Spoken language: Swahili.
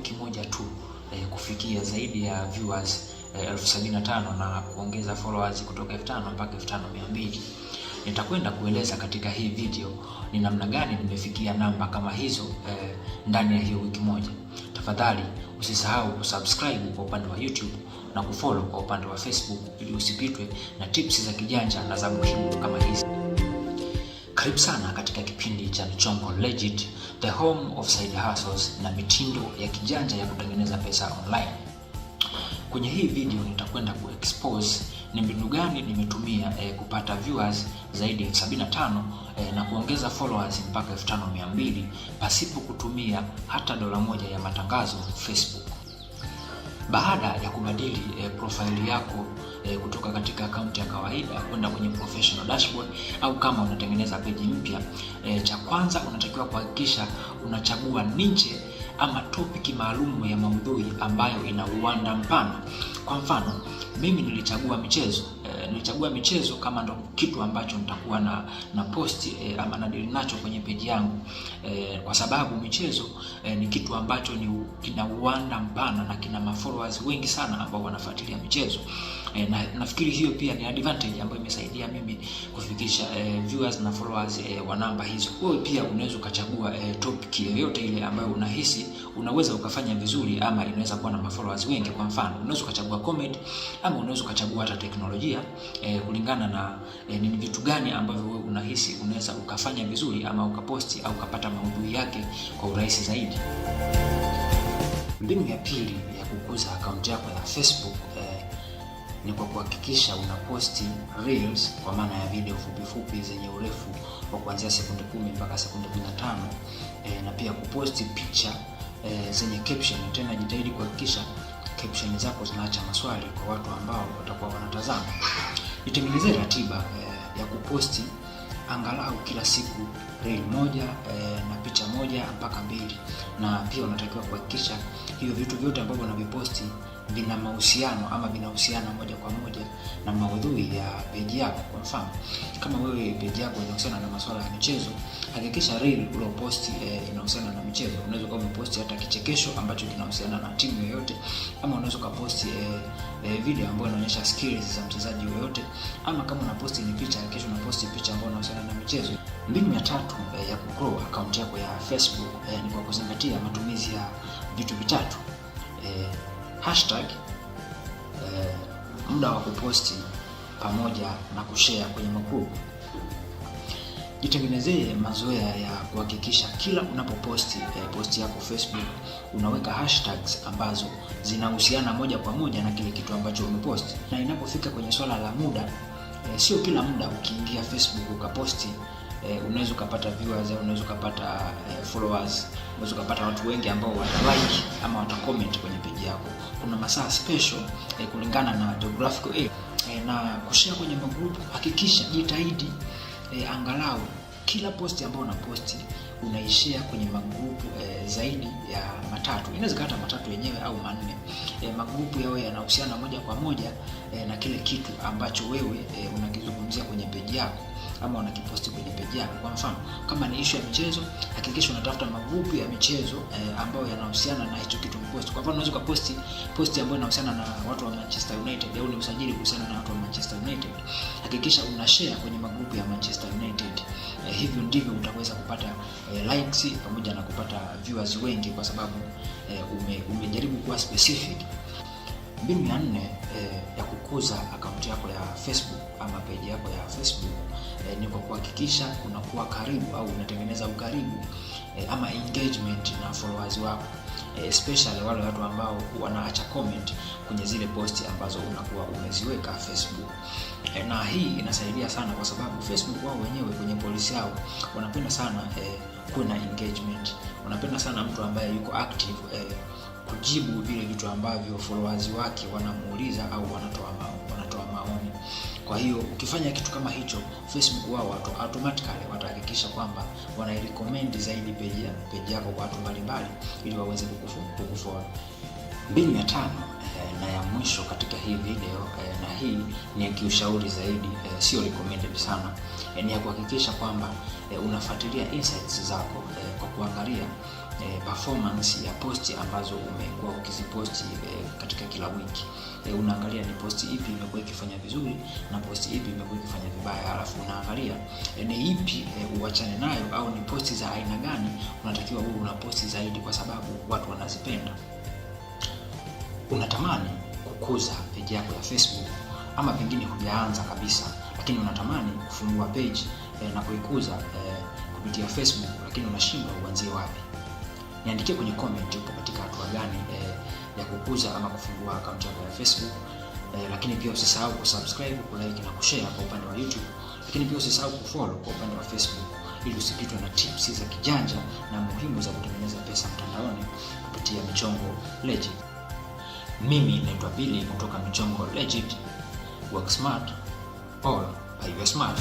wiki moja tu eh, kufikia zaidi ya viewers eh, elfu sabini na tano na kuongeza followers kutoka elfu tano mpaka elfu tano mia mbili. Nitakwenda kueleza katika hii video ni namna gani nimefikia namba kama hizo eh, ndani ya hiyo wiki moja. Tafadhali usisahau kusubscribe kwa upande wa YouTube na kufollow kwa upande wa Facebook ili usipitwe na tips za kijanja na za muhimu kama hizi. Karibu sana katika kipindi cha Michongo Legit, the home of side hustles na mitindo ya kijanja ya kutengeneza pesa online. Kwenye hii video nitakwenda kuexpose ni mbinu gani nimetumia eh, kupata viewers zaidi ya 75 eh, na kuongeza followers mpaka 5200 pasipo kutumia hata dola moja ya matangazo Facebook. Baada ya kubadili e, profile yako e, kutoka katika akaunti ya kawaida kwenda kwenye professional dashboard au kama unatengeneza peji mpya e, cha kwanza unatakiwa kuhakikisha unachagua niche ama topiki maalum ya maudhui ambayo ina uwanda mpana. Kwa mfano, mimi nilichagua michezo Eh, nilichagua michezo kama ndo kitu ambacho nitakuwa na na post eh, ama nadili nacho kwenye peji yangu eh, kwa sababu michezo eh, ni kitu ambacho ni kina uwanda mpana na kina mafollowers wengi sana ambao wanafuatilia michezo eh, na nafikiri hiyo pia ni advantage ambayo imesaidia mimi kufikisha eh, viewers na followers eh, wa namba hizo. Wewe pia unaweza ukachagua eh, topic yoyote ile ambayo unahisi unaweza ukafanya vizuri ama inaweza kuwa na mafollowers wengi. Kwa mfano, unaweza ukachagua comedy ama unaweza ukachagua hata teknolojia kuangalia eh, kulingana na eh, ni vitu gani ambavyo wewe unahisi unaweza ukafanya vizuri ama ukaposti au ukapata maudhui yake kwa urahisi zaidi. Mbinu ya pili ya kukuza akaunti yako ya Facebook eh, ni kwa kuhakikisha unaposti reels kwa maana ya video fupifupi zenye urefu wa kuanzia sekunde kumi mpaka sekunde 15 eh, na pia kuposti picha eh, zenye caption. Tena jitahidi kuhakikisha caption zako zinaacha maswali kwa watu ambao watakuwa wanatazama. Itengenezee ratiba eh, ya kuposti angalau kila siku reel moja eh, na picha moja mpaka mbili, na pia unatakiwa kuhakikisha hiyo vitu vyote ambavyo unaviposti vina mahusiano ama vinahusiana moja kwa moja na maudhui ya peji yako. Kwa mfano, kama wewe peji yako inahusiana na masuala ya michezo hakikisha reel ulioposti e, eh, inahusiana na mchezo. Unaweza kama post hata kichekesho ambacho kinahusiana na timu yoyote, ama unaweza ukaposti e, e, video ambayo inaonyesha skills za mchezaji yoyote, ama kama una post ni picha, hakikisha una post picha ambayo inahusiana na mchezo. Mbinu ya tatu e, ya kugrow account yako ya Facebook e, ni kwa kuzingatia matumizi ya vitu vitatu e, hashtag e, muda wa kuposti pamoja na kushare kwenye magrupu jitengenezee mazoea ya kuhakikisha kila unapoposti eh, posti yako Facebook unaweka hashtags ambazo zinahusiana moja kwa moja na kile kitu ambacho umeposti. Na inapofika kwenye swala la muda eh, sio kila muda ukiingia Facebook ukaposti eh, unaweza ukapata viewers au unaweza ukapata eh, followers, unaweza ukapata watu wengi ambao watalike ama watacomment kwenye page yako. Kuna masaa special eh, kulingana na geographical eh, na kushare kwenye magrupu. Hakikisha jitahidi e, angalau kila posti ambayo unaposti unaishia kwenye magrupu e, zaidi ya matatu, inaweza hata matatu yenyewe au manne. E, magrupu yawe yanahusiana moja kwa moja e, na kile kitu ambacho wewe e, unakizungumzia kwenye peji yako ama wanakiposti kwenye peji yako. Kwa mfano, kama ni issue ya michezo, hakikisha unatafuta magrupu ya michezo eh, ambayo yanahusiana na hicho kitu mpost. Kwa mfano, unaweza ukaposti posti ambayo inahusiana na watu wa Manchester United au ni usajili kuhusiana na watu wa Manchester United, hakikisha una share kwenye magrupu ya Manchester United. Eh, hivyo ndivyo utaweza kupata eh, likes pamoja na kupata viewers wengi, kwa sababu eh, ume, umejaribu kuwa specific Mbinu ya nne eh, ya kukuza akaunti yako ya Facebook ama peji yako ya Facebook eh, ni kwa kuhakikisha unakuwa karibu au unatengeneza ukaribu eh, ama engagement na followers wako eh, especially wale watu ambao wanaacha comment kwenye zile posti ambazo unakuwa umeziweka Facebook eh, na hii inasaidia sana kwa sababu Facebook wao wenyewe kwenye polisi yao wanapenda sana eh, kuwe na engagement, wanapenda sana mtu ambaye yuko active eh, kujibu vile vitu ambavyo followers wake wanamuuliza au wanatoa maoni, wanatoa maoni. Kwa hiyo ukifanya kitu kama hicho, Facebook wao watu automatically watahakikisha kwamba wanairecommend zaidi peji yako kwa watu mbalimbali ili waweze kukufollow. Mbinu ya tano na ya mwisho katika hii video, eh, na hii ni ya kiushauri zaidi, eh, sio recommended sana, eh, ni ya kuhakikisha kwamba unafuatilia insights zako kwa kuangalia performance ya posti ambazo umekuwa ukiziposti katika kila wiki. Unaangalia ni posti ipi imekuwa ikifanya vizuri na posti ipi imekuwa ikifanya vibaya, halafu unaangalia ni ipi uachane nayo, au ni posti za aina gani unatakiwa uwe una posti zaidi, kwa sababu watu wanazipenda unatamani kukuza page yako ya Facebook ama pengine hujaanza kabisa, lakini unatamani kufungua page eh, na kuikuza eh, kupitia Facebook, lakini unashindwa uanzie wapi? Niandikie kwenye comment, upo katika hatua gani eh, ya kukuza ama kufungua akaunti yako ya Facebook. Eh, lakini pia usisahau kusubscribe, kulike na kushare kwa upande wa YouTube, lakini pia usisahau kufollow kwa upande wa Facebook ili usipitwe na tips za kijanja na muhimu za kutengeneza pesa mtandaoni kupitia michongo legend mimi naitwa Billy kutoka Michongo Legit. Work smart or are you smart?